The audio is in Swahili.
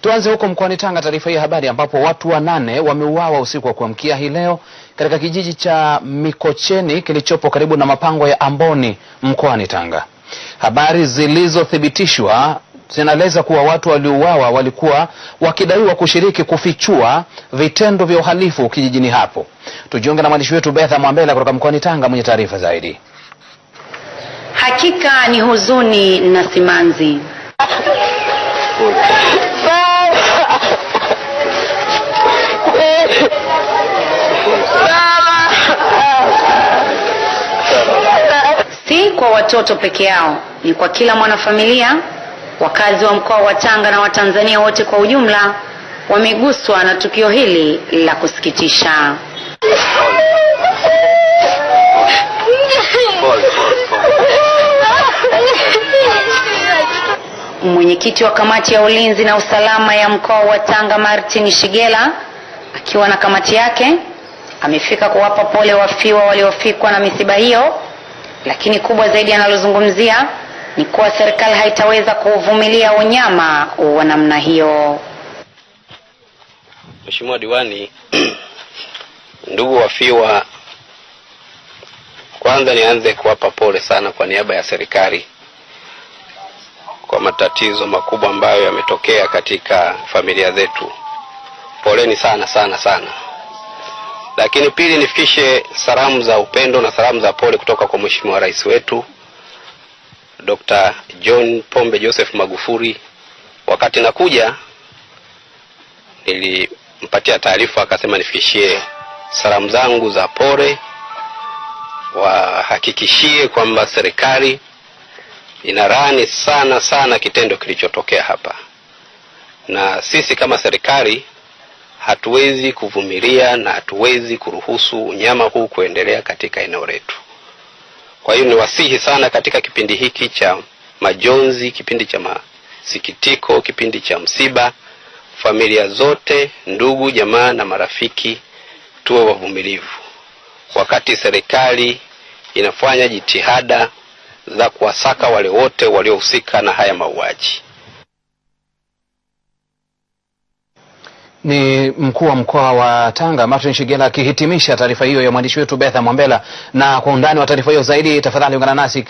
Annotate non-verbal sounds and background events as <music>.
Tuanze huko mkoani Tanga, taarifa hii habari, ambapo watu wanane wameuawa usiku wa kuamkia hii leo katika kijiji cha Mikocheni kilichopo karibu na mapango ya Amboni mkoani Tanga. Habari zilizothibitishwa zinaeleza kuwa watu waliouawa walikuwa wakidaiwa kushiriki kufichua vitendo vya uhalifu kijijini hapo. Tujiunge na mwandishi wetu Betha Mwambela kutoka mkoani Tanga mwenye taarifa zaidi. Hakika ni huzuni na simanzi kwa watoto peke yao, ni kwa kila mwanafamilia. Wakazi wa mkoa wa Tanga na Watanzania wote kwa ujumla wameguswa na tukio hili la kusikitisha. Mwenyekiti wa kamati ya ulinzi na usalama ya mkoa wa Tanga Martin Shigela akiwa na kamati yake amefika kuwapa pole wafiwa waliofikwa na misiba hiyo. Lakini kubwa zaidi analozungumzia ni kuwa serikali haitaweza kuvumilia unyama wa namna hiyo. Mheshimiwa Diwani, <clears throat> ndugu wafiwa, kwanza nianze kuwapa pole sana kwa niaba ya serikali kwa matatizo makubwa ambayo yametokea katika familia zetu. Poleni sana sana sana. Lakini pili, nifikishe salamu za upendo na salamu za pole kutoka kwa Mheshimiwa Rais wetu Dr. John Pombe Joseph Magufuli. Wakati nakuja nilimpatia taarifa, akasema nifikishie salamu zangu za pole, wahakikishie kwamba serikali inarani sana sana kitendo kilichotokea hapa, na sisi kama serikali hatuwezi kuvumilia na hatuwezi kuruhusu unyama huu kuendelea katika eneo letu. Kwa hiyo niwasihi sana katika kipindi hiki cha majonzi, kipindi cha masikitiko, kipindi cha msiba, familia zote, ndugu jamaa na marafiki, tuwe wavumilivu wakati serikali inafanya jitihada za kuwasaka wale wote waliohusika na haya mauaji. Ni mkuu wa mkoa wa Tanga Martin Shigela akihitimisha taarifa hiyo ya mwandishi wetu Betha Mwambela. Na kwa undani wa taarifa hiyo zaidi, tafadhali ungana nasi